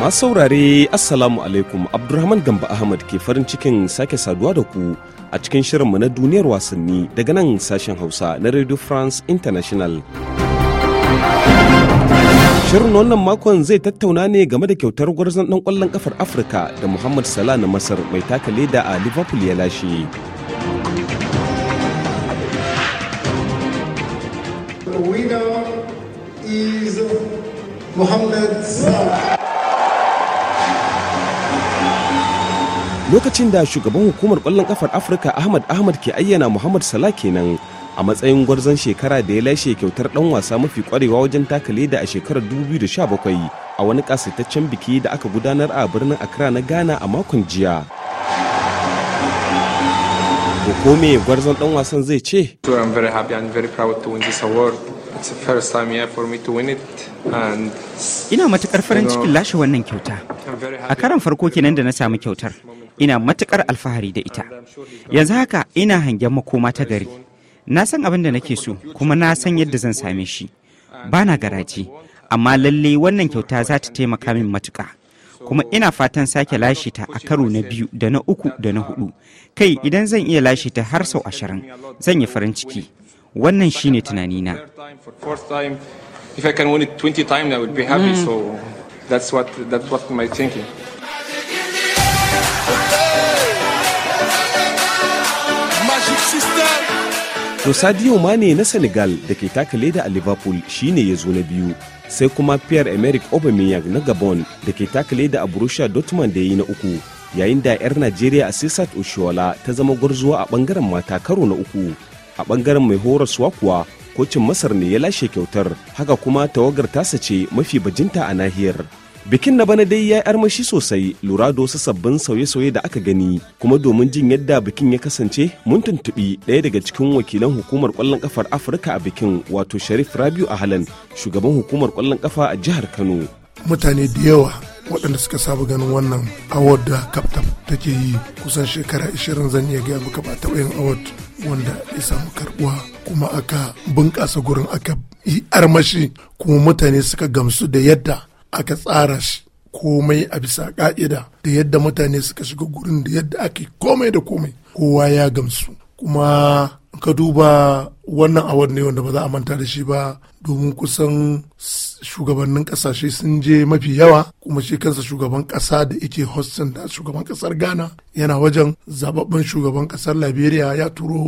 Masu saurare Assalamu alaikum Abdulrahman Gamba Ahmad ke farin cikin sake saduwa da ku a cikin shirinmu na duniyar wasanni daga nan sashen Hausa na Radio France International. Shirin wannan makon zai tattauna ne game da kyautar gwarzon ɗan ƙwallon ƙafar Afirka da Muhammad Salah na Masar mai taka leda a Liverpool ya lashe. Muhammad Salah. lokacin da shugaban hukumar kwallon kafar afirka ahmad ahmad ke ayyana muhammad salah kenan a matsayin gwarzon shekara da ya lashe kyautar dan wasa mafi kwarewa wajen taka leda a shekarar 2017 a wani kasaitaccen biki da aka gudanar a birnin accra na ghana a makon jiya hukume gwarzon dan wasan zai ce ina matukar farin cikin lashe wannan kyauta a karan farko kenan da na samu kyautar ina matukar alfahari da ita yanzu haka ina hangen makoma ta gari na san abin da nake so kuma na san yadda zan same shi ba na garaje amma lalle wannan kyauta za ta taimaka min matuka kuma ina fatan sake lashe ta a karo na biyu da na uku da na hudu kai idan zan iya lashe ta har sau ashirin zan yi farin ciki wannan shine tunanina If I can be happy. Mm. So To Sadio Mane na Senegal da ke taka leda a Liverpool shine ya zo na biyu, sai kuma Pierre-Emerick Aubameyang na Gabon da ke taka leda a Borussia Dortmund da yi na uku, yayin da 'yar Najeriya Asisat Oshoala ta zama gwarzuwa a bangaren mata karo na uku. A bangaren mai horaswa kuwa, kocin Masar ne ya lashe kyautar, haka kuma tawagar tasa ce mafi bajinta a nahiyar. bikin na bana dai ya yi armashi sosai lura da wasu sabbin sauye-sauye da aka gani kuma domin jin yadda bikin ya kasance mun tuntuɓi ɗaya daga cikin wakilan hukumar kwallon ƙafar afirka a bikin wato sharif rabiu ahalan shugaban hukumar kwallon ƙafa a jihar kano mutane da yawa waɗanda suka saba ganin wannan award da kaftab take yi kusan shekara 20 zan iya gaya muka ba taɓa yin award wanda ya samu karɓuwa kuma aka bunƙasa gurin aka yi armashi kuma mutane suka gamsu da yadda aka tsara shi komai a bisa ka'ida da yadda mutane suka shiga gurin da yadda ake komai da komai kowa ya gamsu kuma ka duba wannan awar ne wanda ba za a manta da shi ba domin kusan shugabannin kasashe sun je mafi yawa kuma shi kansa shugaban kasa da yake hostin da shugaban kasar ghana yana wajen zababben shugaban kasar liberia ya turo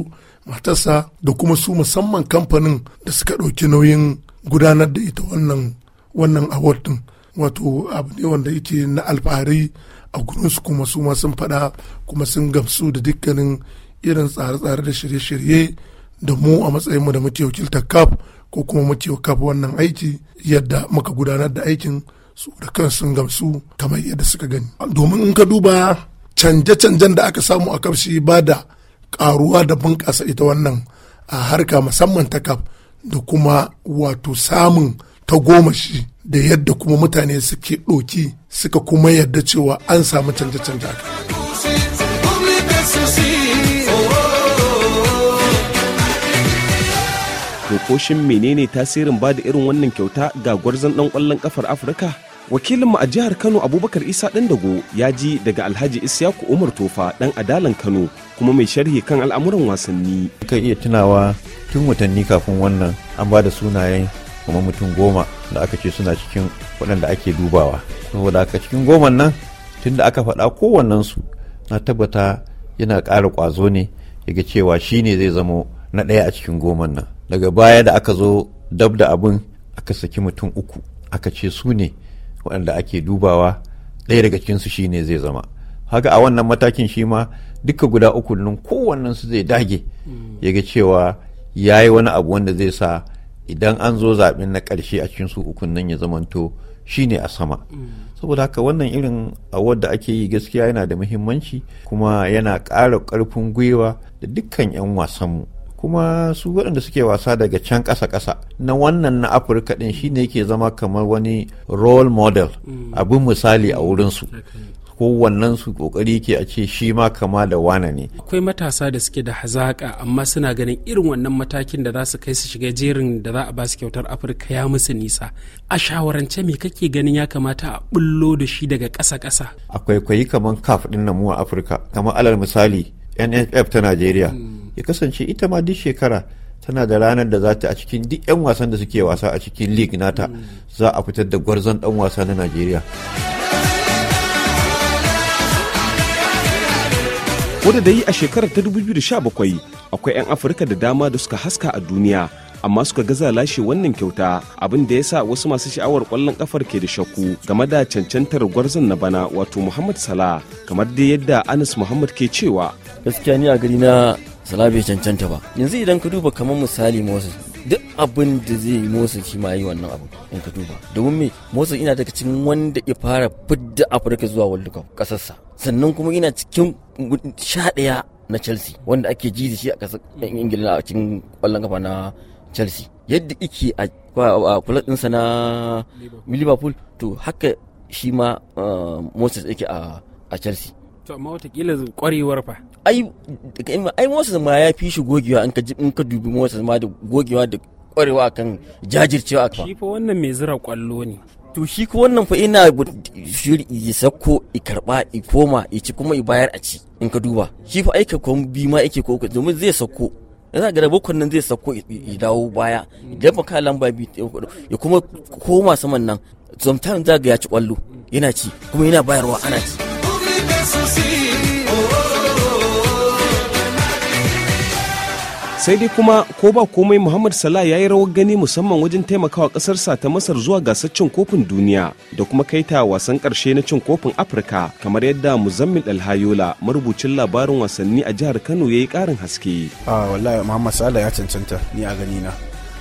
matasa da kuma su musamman kamfanin da suka ɗauki nauyin gudanar da ita wannan wannan award din wato abu ne wanda yake na alfahari a gurinsu kuma su ma sun faɗa kuma sun gamsu da dukkanin irin tsare-tsare da shirye-shirye da mu a matsayinmu da muke wakiltar kaf ko kuma muke cap wannan aiki yadda muka gudanar da aikin su da kan sun gamsu kamar yadda suka gani domin in ka duba canje-canjen da aka samu a kaf ba da karuwa da bunƙasa ita wannan a harka musamman ta kaf da kuma wato samun ta goma shi da yadda kuma mutane suke ɗoki suka kuma yadda cewa an samu canje-canje Tokoshin menene tasirin ba da irin wannan kyauta ga gwarzon ɗan ƙwallon ƙafar Afirka? Wakilinmu a jihar Kano Abubakar Isa Dago, ya ji daga Alhaji Isyaku Umar Tofa ɗan adalan Kano kuma mai sharhi kan al'amuran wasanni. Kan iya tunawa tun watanni kafin wannan an ba da sunayen kuma mutum goma da aka ce suna cikin waɗanda ake dubawa saboda aka cikin goman nan tun da aka faɗa kowannensu na tabbata yana ƙara ƙwazo ne yaga cewa shi ne zai zamo na ɗaya a cikin goman nan daga baya da aka zo dab da abin aka saki mutum uku aka ce su ne waɗanda ake dubawa ɗaya daga cikinsu shi ne zai zama haka a wannan matakin shi ma duka guda uku nan kowannensu zai dage yaga cewa ya yi wani abu wanda zai sa idan an zo zaɓen na ƙarshe a cikin su ukun nan ya zamanto ne a sama mm. saboda haka wannan irin award da ake yi gaskiya yana da muhimmanci kuma yana ƙara ƙarfin gwiwa da dukkan 'yan wasanmu kuma su waɗanda suke wasa daga can ƙasa-ƙasa na wannan na afirka ɗin shi ne yake zama kamar wani role model mm. abin misali a wurinsu kowannen su kokari ke a ce shi ma kama da wane ne akwai matasa da suke da hazaka amma suna ganin irin wannan matakin da za su kai su shiga jerin da za a ba su kyautar afirka ya musu nisa a shawarance me kake ganin ya kamata a bullo da shi daga ƙasa ƙasa akwai kwayi kamar kaf din na mu a afirka kamar alal misali nff ta najeriya hmm. ya kasance ita ma duk shekara tana da ranar da za ta a cikin duk 'yan wasan da suke wasa a cikin league nata hmm. za a fitar da gwarzon dan wasa na najeriya ko da yi a shekarar ta 2017 akwai 'yan afirka da dama da suka haska a duniya amma suka gaza lashe wannan kyauta abin da ya sa wasu masu sha'awar kwallon kafar ke da shakku game da cancantar gwarzon na bana wato muhammad salah kamar dai yadda anas muhammad ke cewa gaskiya ni a gari na salah bai cancanta ba yanzu idan ka duba kamar misali moses duk abin da zai yi motsa shi ma yi wannan abu in ka duba domin me motsa ina daga cikin wanda ya fara fidda afirka zuwa world cup kasarsa sannan kuma ina cikin sha ɗaya na chelsea wanda ake ji da shi a kasar ingila a cikin kwallon kafa na chelsea yadda ike a kulat ɗinsa na liverpool to haka shi ma eh, motsa yake a chelsea to amma watakila kwarewar fa ai ai ma ya fi shi gogewa in ka in ka dubi motsa ma da gogewa da kwarewa akan jajircewa akan shi fa wannan mai zira kwallo ne to shi ko wannan fa ina shiri yi sako i karba i koma i ci kuma i bayar a ci in ka duba shi fa aika ko bi ma yake ko domin zai sako yana ga bakon nan zai sako i dawo baya idan ba ka lamba bi ya kuma koma saman nan zomtan za ga ya ci kwallo yana ci kuma yana bayarwa ana ci sai dai kuma ko ba komai muhammad salah ya yi rawar gani musamman wajen taimakawa kasarsa ta masar zuwa gasar cin kofin duniya da kuma kai ta wasan karshe na cin kofin afirka kamar yadda muzammil alhayola marubucin labarin wasanni a jihar kano ya yi karin haske a ah, wallahi muhammad salah ya cancanta ni a gani na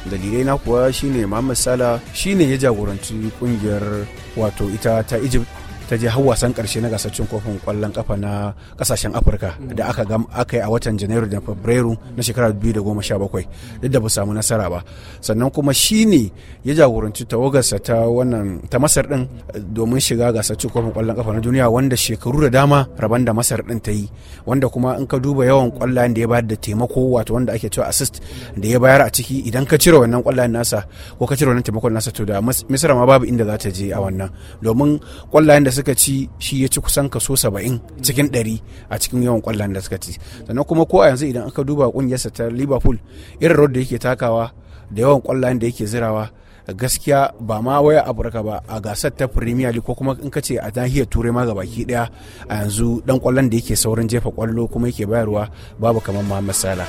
dalilai na kuwa shine muhammad salah shine ya jagoranci kungiyar wato ita ta egypt ta je har wasan karshe na gasar cin kofin kwallon kafa na kasashen afirka da aka gam aka yi a watan janairu da fabrairu na shekarar 2017 duk da ba samu nasara ba sannan kuma shi ne ya jagoranci tawagarsa ta wannan ta masar din eh, domin shiga gasar cin kofin kwallon kafa na duniya wanda shekaru da dama raban da masar din ta yi wanda kuma in ka duba yawan kwallayen da ya bayar da taimako wato wanda ake cewa assist da ya bayar a ciki idan ka cire wannan kwallayen nasa ko ka cire wannan taimakon nasa to da misra ma babu inda za ta je a wannan domin kwallayen da suka ci shi ya ci kusan kaso saba'in cikin ɗari a cikin yawan kwallon da suka ci sannan kuma ko a yanzu idan aka duba kungiyarsa ta liverpool irin road da yake takawa da yawan kwallon da yake zirawa gaskiya ba ma waya afirka ba a gasar ta premier league ko kuma in ka ce a nahiyar turai ma gabaki daya a yanzu dan kwallon da yake saurin jefa kwallo kuma yake bayarwa babu kamar muhammad salah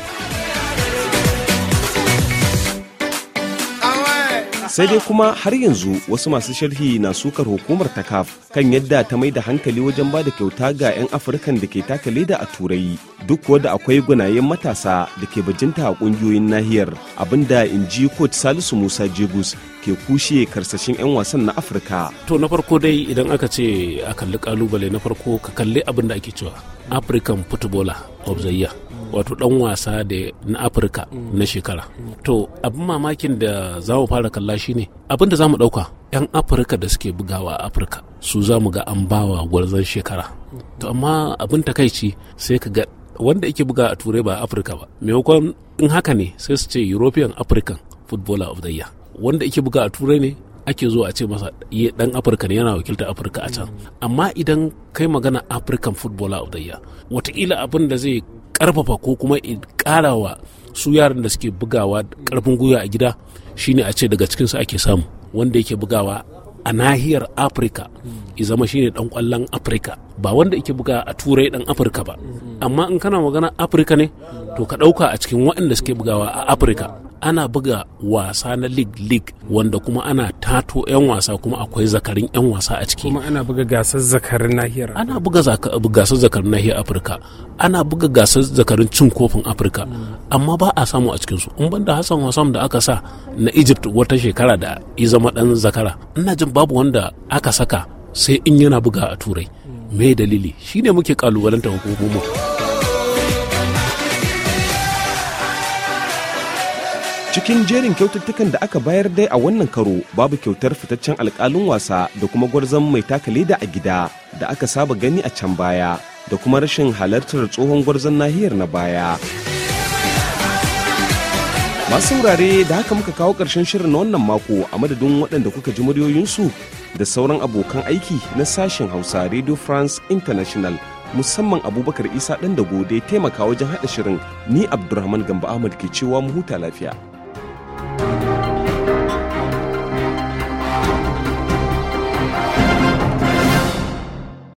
sai dai kuma har yanzu wasu masu sharhi na sukar hukumar ta kaf kan yadda ta mai da hankali wajen ba da kyauta ga 'yan afirkan da ke taka leda a turai duk da akwai gunayen matasa da ke bajinta a kungiyoyin nahiyar abinda in ji coach salisu musa jegus ke kushe karsashin 'yan wasan na afirka to na farko dai idan aka ce a kalli kalubale na farko ka kalli abin da ake cewa african footballer of the year wato dan wasa da na afirka mm. na shekara mm. to abin mamakin da za mu fara kalla shine abin da za mu ɗauka 'yan afirka da suke bugawa a afirka su za mu ga an bawa gwarzon shekara mm. to amma abin takaici sai ka ga wanda yake buga a turai ba afirka ba maimakon in haka ne sai su ce european african footballer of the year wanda yake buga a turai ne ake zo a ce masa dan afirka ne yana wakiltar afirka a can amma idan kai magana african football of the year wataƙila abin da zai karfafa ko kuma karawa su yaran da suke bugawa karfin gwiwa a gida shine a ce daga su ake samu wanda yake bugawa a nahiyar afirka ya zama shine dan kwallon afirka ba wanda yake buga a turai dan afirka ba amma in kana magana afirka ne to ka dauka a cikin waɗanda suke bugawa a afirka ana buga wasa na league league wanda kuma ana tato 'yan wasa kuma akwai zakarin 'yan wasa a ciki kuma ana buga gasar zakarin nahiyar ana buga gasar zakarin nahiyar afirka ana buga gasar zakarin cin kofin afirka amma ba a samu a cikin su in banda hassan wasam da aka sa na egypt wata shekara da ya zama dan zakara ina jin babu wanda aka saka sai in yana buga a turai me dalili shine muke kalubalanta hukumomin cikin jerin kyaututtukan da aka bayar dai a wannan karo babu kyautar fitaccen alkalin wasa da kuma gwarzon mai taka leda a gida da aka saba gani a can baya da kuma rashin halartar tsohon gwarzon nahiyar na baya masu wurare da haka muka kawo ƙarshen shirin na wannan mako a madadin waɗanda kuka ji muryoyinsu da sauran abokan aiki na sashen hausa radio france international musamman abubakar isa ɗan da gode taimaka wajen haɗa shirin ni abdulrahman gamba ahmad ke cewa mu huta lafiya